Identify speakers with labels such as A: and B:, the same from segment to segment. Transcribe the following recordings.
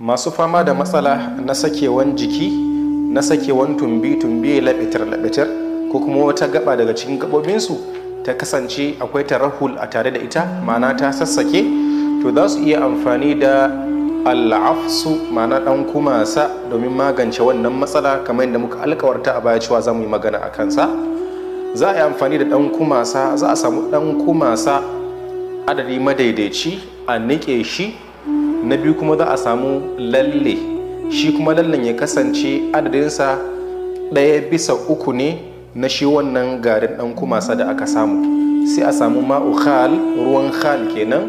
A: masu fama da matsala na sakewan jiki na sakewan tumbi-tumbi laɓitar-laɓitar ko kuma wata gaba daga cikin gabobinsu ta kasance akwai tarahul a tare da ita ma'ana ta sassake to za su iya amfani da al'afsu ma'ana ɗan kumasa domin magance wannan matsala kamar yadda muka alkawarta a baya cewa za mu yi magana a kansa za a yi amfani da ɗan kumasa za a samu ɗan kumasa adadi madaidaici a niƙe shi na biyu kuma za a samu lalle shi kuma lallen ya kasance adadinsa ɗaya bisa uku ne na shi wannan garin ɗan kumasa da aka samu sai a samu ma'u khal ruwan khal kenan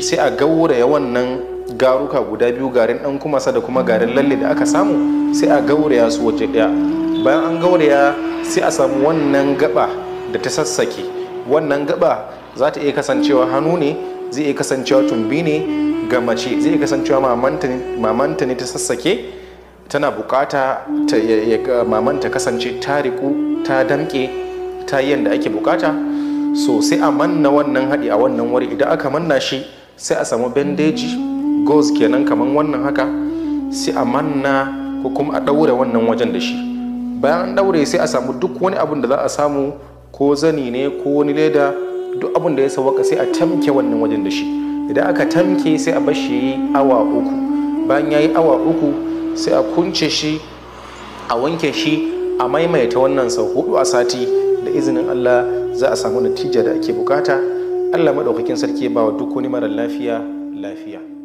A: sai a gauraya wannan garuka guda biyu garin ɗan kumasa da kuma garin lalle da aka samu sai a gauraya su waje ɗaya bayan an gauraya sai a samu wannan gaba da ta sassake wannan gaba za ta iya kasancewa hannu ne zai iya kasancewa tumbi ne ga mace zai kasancewa mamanta ne ta sassake tana bukata mamanta kasance ta riku ta damke ta yi yadda ake bukata so sai a manna wannan haɗi a wannan wuri idan aka manna shi sai a samu bandeji gauze kenan kamar wannan haka sai a manna ko kuma a ɗaure wannan wajen da shi bayan an ɗaure sai a samu duk wani abun da za a samu ko zani ne ko wani leda duk abin da ya sawaka sai a tamke wannan wajen da shi idan aka tamke sai a bashi yi awa uku bayan ya yi awa uku sai a kunce shi a wanke shi a maimaita wannan sau hudu a sati da izinin allah za a samu natija da ake bukata allah maɗaukakin sarki ba wa duk wani mara lafiya lafiya